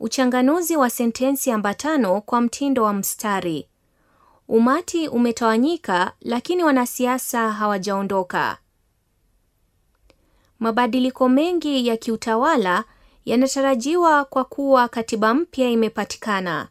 Uchanganuzi wa sentensi ambatano kwa mtindo wa mstari. Umati umetawanyika lakini wanasiasa hawajaondoka. Mabadiliko mengi ya kiutawala yanatarajiwa kwa kuwa katiba mpya imepatikana.